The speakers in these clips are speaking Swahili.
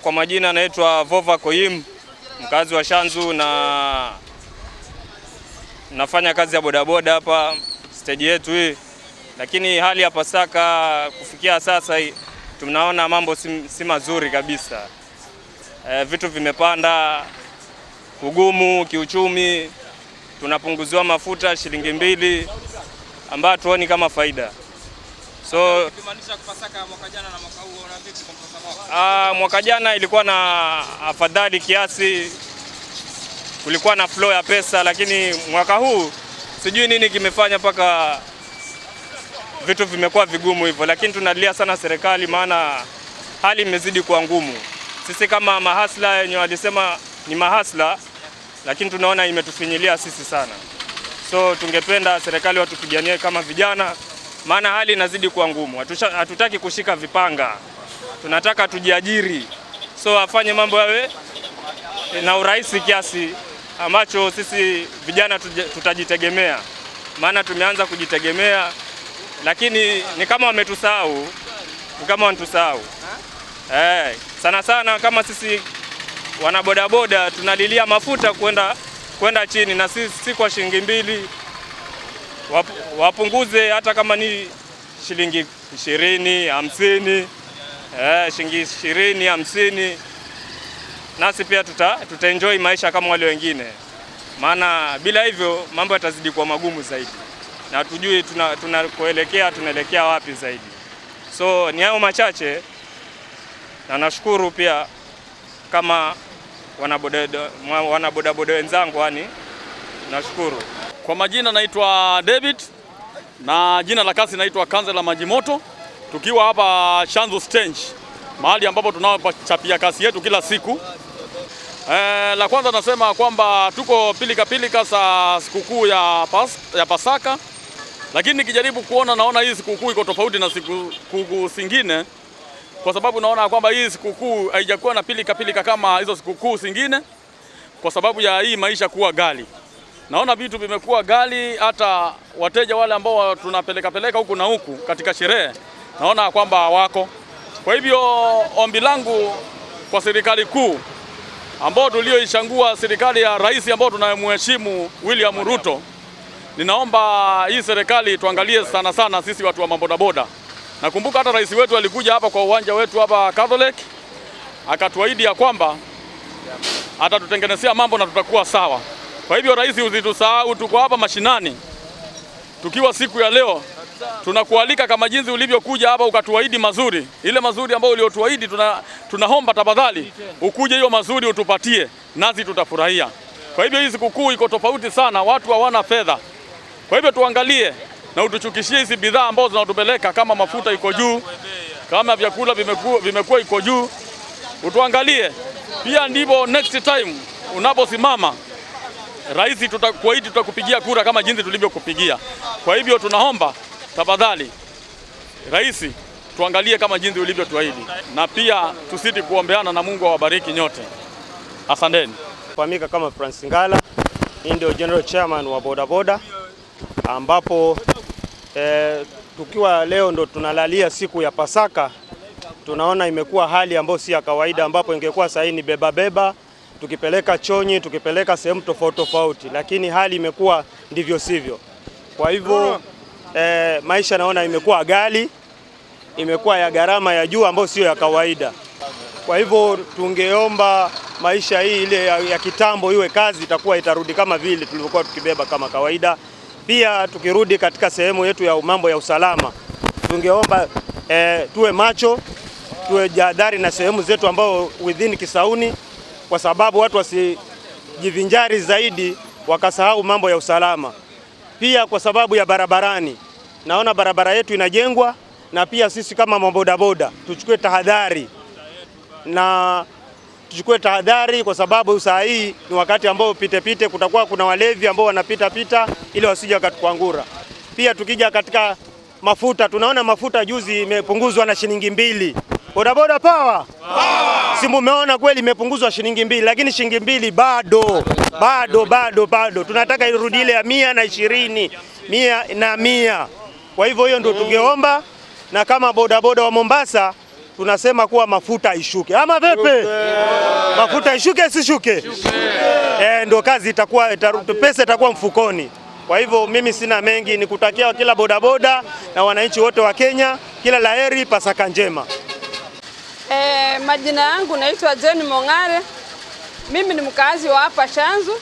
kwa majina anaitwa Vova Koim mkazi wa Shanzu na nafanya kazi ya bodaboda hapa steji yetu hii, lakini hali ya Pasaka kufikia sasa tunaona mambo si, si mazuri kabisa. E, vitu vimepanda kugumu kiuchumi, tunapunguziwa mafuta shilingi mbili ambayo hatuoni kama faida. So uh, mwaka jana ilikuwa na afadhali kiasi, kulikuwa na flow ya pesa, lakini mwaka huu sijui nini kimefanya mpaka vitu vimekuwa vigumu hivyo, lakini tunalia sana serikali, maana hali imezidi kuwa ngumu. Sisi kama mahasla wenye walisema ni mahasla, lakini tunaona imetufinyilia sisi sana, so tungependa serikali watupiganie kama vijana maana hali inazidi kuwa ngumu. Hatutaki kushika vipanga, tunataka tujiajiri, so afanye mambo yawe na urahisi kiasi ambacho sisi vijana tutajitegemea, maana tumeanza kujitegemea, lakini ni kama wametusahau, ni kama wanatusahau eh, sana sana kama sisi wanabodaboda tunalilia mafuta kwenda kwenda chini, na si, si kwa shilingi mbili wap, wapunguze hata kama ni shilingi ishirini hamsini eh, shilingi ishirini hamsini, nasi pia tuta, enjoy maisha kama wale wengine, maana bila hivyo mambo yatazidi kuwa magumu zaidi na tujui tunakoelekea tuna tunaelekea wapi zaidi. So ni hayo machache, na nashukuru pia kama wanabodaboda wenzangu, yani nashukuru. Kwa majina naitwa David na jina la kazi naitwa Kanza la Maji Moto, tukiwa hapa Shanzu Stage, mahali ambapo tunaochapia kazi yetu kila siku. E, la kwanza nasema kwamba tuko pilika pilika za sikukuu ya, pas, ya Pasaka, lakini nikijaribu kuona naona hii sikukuu iko tofauti na sikukuu zingine, kwa sababu naona kwamba hii sikukuu haijakuwa na pilika pilika kama hizo sikukuu zingine, kwa sababu ya hii maisha kuwa ghali naona vitu vimekuwa ghali, hata wateja wale ambao tunapeleka peleka huku na huku katika sherehe naona kwamba hawako. Kwa hivyo ombi langu kwa serikali kuu ambao tulioishangua serikali ya rais ambao tunamheshimu William Ruto, ninaomba hii serikali tuangalie sana sana sisi watu wa mabodaboda. Nakumbuka hata rais wetu alikuja hapa kwa uwanja wetu hapa Catholic akatuahidi ya kwamba atatutengenezea mambo na tutakuwa sawa. Kwa hivyo rais, usitusahau, tuko hapa mashinani tukiwa siku ya leo tunakualika kama jinsi ulivyokuja hapa ukatuahidi mazuri, ile mazuri ambayo uliotuahidi tuna, tunaomba tafadhali ukuje hiyo mazuri utupatie, nasi tutafurahia. Kwa hivyo hii sikukuu iko tofauti sana, watu hawana fedha. Kwa hivyo tuangalie na utuchukishie hizi bidhaa ambazo zinatupeleka, kama mafuta iko juu, kama vyakula vimekuwa vimekuwa iko juu, utuangalie pia, ndipo next time unaposimama rais tuta, kwa tutakupigia kura kama jinsi tulivyokupigia. Kwa hivyo tunaomba tafadhali, rais tuangalie kama jinsi ulivyotuahidi, na pia tusiti kuombeana na Mungu awabariki nyote, asanteni. Fahamika kama Francis Ngala, hii ndio general chairman wa bodaboda ambapo eh, tukiwa leo ndo tunalalia siku ya Pasaka, tunaona imekuwa hali ambayo si ya kawaida, ambapo ingekuwa sahi ni beba beba tukipeleka Chonyi, tukipeleka sehemu tofauti tofauti, lakini hali imekuwa ndivyo sivyo. Kwa hivyo ah. eh, maisha naona imekuwa ghali, imekuwa ya gharama ya juu ambayo sio ya kawaida. Kwa hivyo tungeomba maisha hii ile ya, ya kitambo iwe kazi, itakuwa itarudi kama vile tulivyokuwa tukibeba kama kawaida. Pia tukirudi katika sehemu yetu ya mambo ya usalama, tungeomba eh, tuwe macho, tuwe jadhari na sehemu zetu ambao within Kisauni kwa sababu watu wasijivinjari zaidi wakasahau mambo ya usalama, pia kwa sababu ya barabarani. Naona barabara yetu inajengwa, na pia sisi kama mabodaboda tuchukue tahadhari na tuchukue tahadhari kwa sababu saa hii ni wakati ambao pitepite, kutakuwa kuna walevi ambao wanapita pita ili wasije wakatukwangura. Pia tukija katika mafuta, tunaona mafuta juzi imepunguzwa na shilingi mbili. Bodaboda pawa Si mumeona kweli imepunguzwa shilingi mbili, lakini shilingi mbili bado bado bado bado, tunataka irudi ile ya mia na ishirini mia na mia. Kwa hivyo hiyo ndio tungeomba, na kama bodaboda wa Mombasa tunasema kuwa mafuta ishuke, ama vipi? Mafuta ishuke, sishuke? Eh, ndio kazi itakuwa itarudi, pesa itakuwa mfukoni. Kwa hivyo mimi sina mengi, nikutakia kila bodaboda na wananchi wote wa Kenya kila laheri, Pasaka njema majina yangu naitwa Jane Mong'are. Mimi ni mkazi wa hapa Shanzu.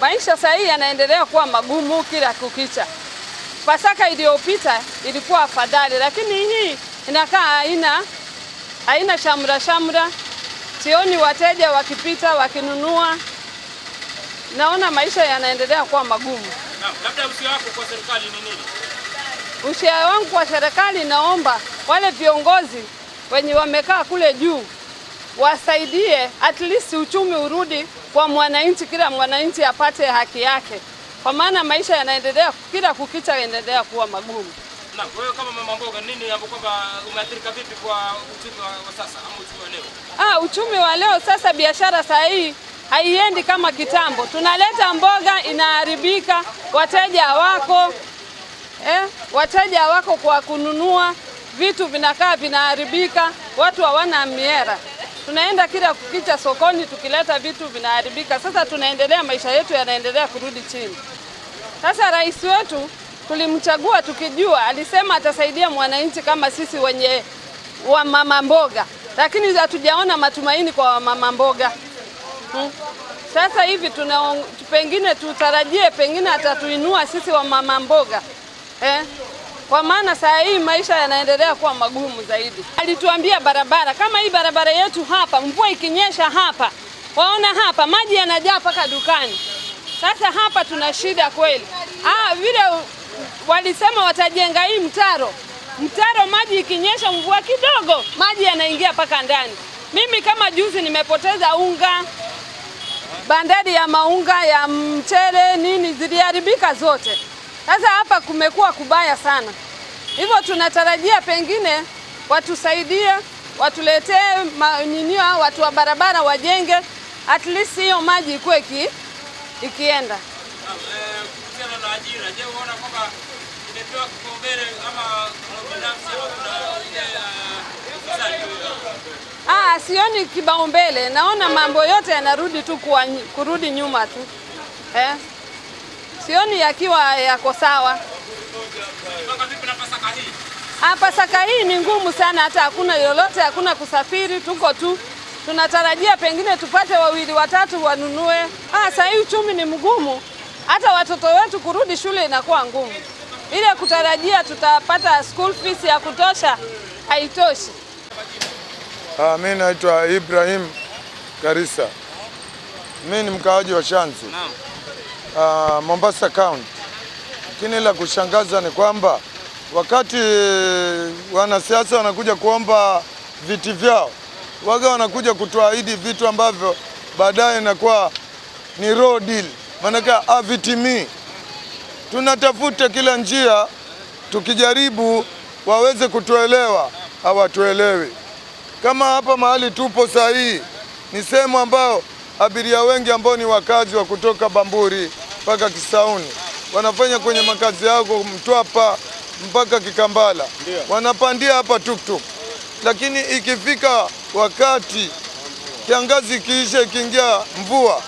Maisha sasa hii yanaendelea kuwa magumu kila kukicha. Pasaka iliyopita ilikuwa afadhali, lakini hii inakaa haina haina shamra shamra. Sioni wateja wakipita wakinunua, naona maisha yanaendelea kuwa magumu. Labda usia wako kwa serikali ni nini? Usia wangu kwa serikali, naomba wale viongozi wenye wamekaa kule juu wasaidie, at least uchumi urudi kwa mwananchi, kila mwananchi apate haki yake, kwa maana maisha yanaendelea kila kukicha, yanaendelea kuwa magumu. Na wewe kama mama mboga, nini ambapo kwamba umeathirika vipi kwa uchumi wa, sasa ama uchumi wa leo? Ah, uchumi wa leo sasa, biashara saa hii haiendi kama kitambo. Tunaleta mboga inaharibika, wateja wako eh, wateja wako kwa kununua vitu vinakaa vinaharibika, watu hawana miera. Tunaenda kila kukicha sokoni, tukileta vitu vinaharibika. Sasa tunaendelea, maisha yetu yanaendelea kurudi chini. Sasa rais wetu tulimchagua tukijua, alisema atasaidia mwananchi kama sisi wenye wamama mboga, lakini hatujaona matumaini kwa wamama mboga hmm. Sasa hivi tuna pengine tutarajie, pengine atatuinua sisi wamama mboga eh kwa maana saa hii maisha yanaendelea kuwa magumu zaidi. Alituambia barabara kama hii barabara yetu hapa, mvua ikinyesha hapa, waona hapa maji yanajaa mpaka dukani. Sasa hapa tuna shida kweli. Ah, vile walisema watajenga hii mtaro, mtaro maji ikinyesha, mvua kidogo, maji yanaingia mpaka ndani. Mimi kama juzi nimepoteza unga, bandari ya maunga ya mchele, nini ziliharibika zote. Sasa hapa kumekuwa kubaya sana, hivyo tunatarajia pengine watusaidie, watuletee maninio, watu wa barabara wajenge, at least hiyo maji ikuwe ki, ikienda uh, Ah, sioni kibao mbele, naona mambo yote yanarudi tu kurudi nyuma tu eh sioni yakiwa yako sawa. Ah, Pasaka hii ni ngumu sana, hata hakuna lolote, hakuna kusafiri, tuko tu tunatarajia pengine tupate wawili watatu wanunue. Ah, saa hii uchumi ni mgumu, hata watoto wetu kurudi shule inakuwa ngumu. Ile kutarajia tutapata school fees ya kutosha haitoshi. Ah, mimi naitwa Ibrahim Karisa, mimi ni mkaaji wa Shanzu. Naam uh, Mombasa County. Lakini la kushangaza ni kwamba wakati uh, wanasiasa wanakuja kuomba viti vyao waga wanakuja kutuahidi vitu ambavyo baadaye inakuwa ni raw deal, maanake havitimii. Tunatafuta kila njia, tukijaribu waweze kutuelewa, hawatuelewi. Kama hapa mahali tupo saa hii ni sehemu ambayo abiria wengi ambao ni wakazi wa kutoka Bamburi mpaka Kisauni, wanafanya kwenye makazi yako Mtwapa mpaka Kikambala, wanapandia hapa tuktuk. Lakini ikifika wakati kiangazi ikiisha, ikiingia mvua,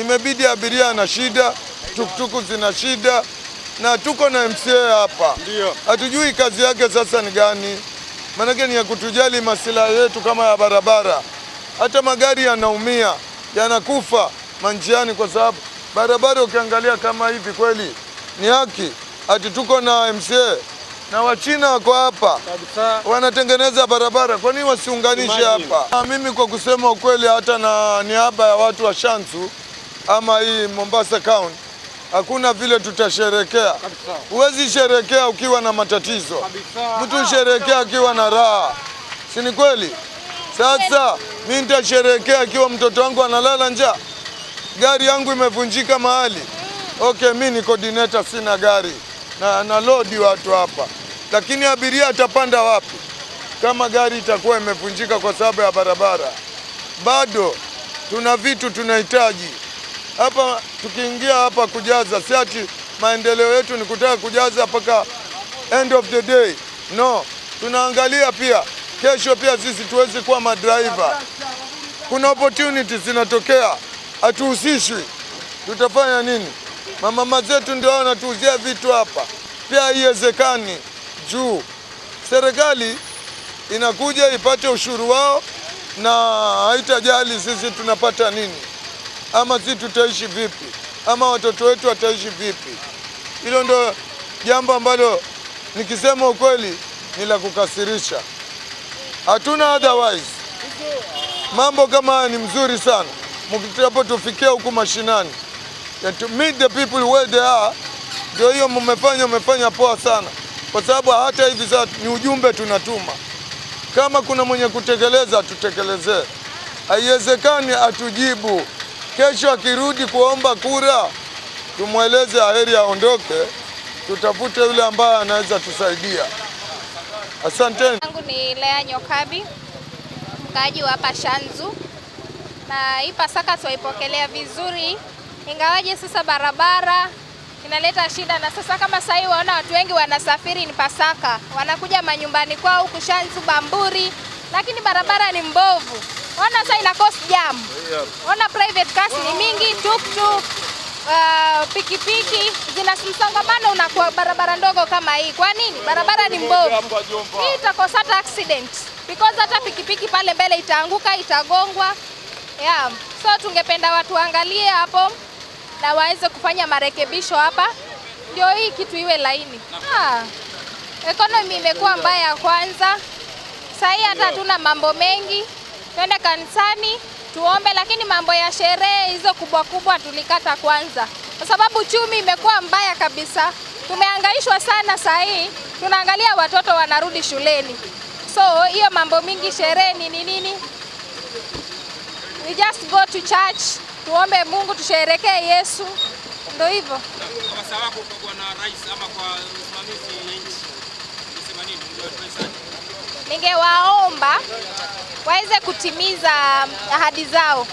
imebidi abiria na shida, tuktuku zina shida, na tuko na MCA hapa, hatujui kazi yake sasa ni gani, maanake ni ya kutujali masilaha yetu kama ya barabara. Hata magari yanaumia yanakufa manjiani kwa sababu barabara ukiangalia kama hivi kweli ni haki? Ati tuko na MCA na Wachina wako hapa wanatengeneza barabara, kwa nini wasiunganishe hapa? Mimi kwa kusema ukweli, hata na niaba ya watu wa Shanzu ama hii Mombasa County hakuna vile tutasherekea. Huwezi sherekea ukiwa na matatizo Mtu sherekea akiwa na raha, si ni kweli? Sasa mimi nitasherekea akiwa mtoto wangu analala njaa gari yangu imevunjika mahali. Okay, mi ni coordinator, sina gari na na lodi watu hapa, lakini abiria atapanda wapi kama gari itakuwa imevunjika kwa sababu ya barabara? Bado tuna vitu tunahitaji hapa. Tukiingia hapa kujaza, si ati maendeleo yetu ni kutaka kujaza mpaka end of the day, no. Tunaangalia pia kesho, pia sisi tuweze kuwa madriver. Kuna opportunities zinatokea hatuhusishwi. Tutafanya nini? Mamama zetu ndio wanatuuzia vitu hapa, pia haiwezekani. Juu serikali inakuja ipate ushuru wao, na haitajali sisi tunapata nini, ama sisi tutaishi vipi, ama watoto wetu wataishi vipi. Hilo ndo jambo ambalo nikisema ukweli ni la kukasirisha. Hatuna otherwise, mambo kama haya ni mzuri sana mkitapo tufikia huku mashinani to meet the people where they are. Ndio hiyo mmefanya, mmefanya poa sana, kwa sababu hata hivi sasa ni ujumbe tunatuma. Kama kuna mwenye kutekeleza atutekelezee, haiwezekani atujibu. Kesho akirudi kuomba kura, tumweleze aheri aondoke, tutafute yule ambaye anaweza tusaidia. Asanteni. Yangu ni Lea Nyokabi, mkaaji wa hapa Shanzu na hii Pasaka tuwaipokelea vizuri, ingawaje sasa barabara inaleta shida. Na sasa kama sasa hivi waona watu wengi wanasafiri, ni Pasaka wanakuja manyumbani kwao Shanzu Bamburi, lakini barabara ni mbovu. Ona sasa ina cost jam, ona private cars ni mingi, tuktuk Uh, pikipiki zina msongamano unakuwa barabara ndogo kama hii. Kwa nini? Barabara ni mbovu, hii itakosa hata accident because hata pikipiki pale mbele itaanguka, itagongwa. Yeah. So tungependa watu waangalie hapo na waweze kufanya marekebisho hapa ndio hii kitu iwe laini. Ah. Economy imekuwa mbaya kwanza. Sasa hii hata hatuna mambo mengi, twende kanisani tuombe, lakini mambo ya sherehe hizo kubwa kubwa tulikata kwanza, kwa sababu chumi imekuwa mbaya kabisa. Tumehangaishwa sana, saa hii tunaangalia watoto wanarudi shuleni, so hiyo mambo mingi sherehe ni nini we just go to church, tuombe Mungu, tusherekee Yesu, ndio hivyo. Ningewaomba waweze kutimiza ahadi zao.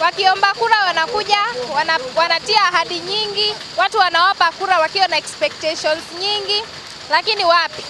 Wakiomba kura wanakuja wana, wanatia ahadi nyingi, watu wanawapa kura wakiwa na expectations nyingi, lakini wapi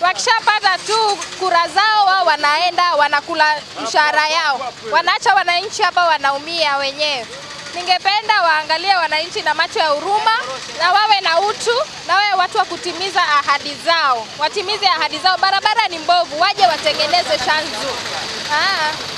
wakishapata tu kura zao wao wanaenda wanakula mshahara yao, wanaacha wananchi hapa wanaumia wenyewe. Ningependa waangalie wananchi na macho ya huruma na wawe na utu na wawe watu wa kutimiza ahadi zao, watimize ahadi zao. Barabara ni mbovu, waje watengeneze Shanzu. Ah.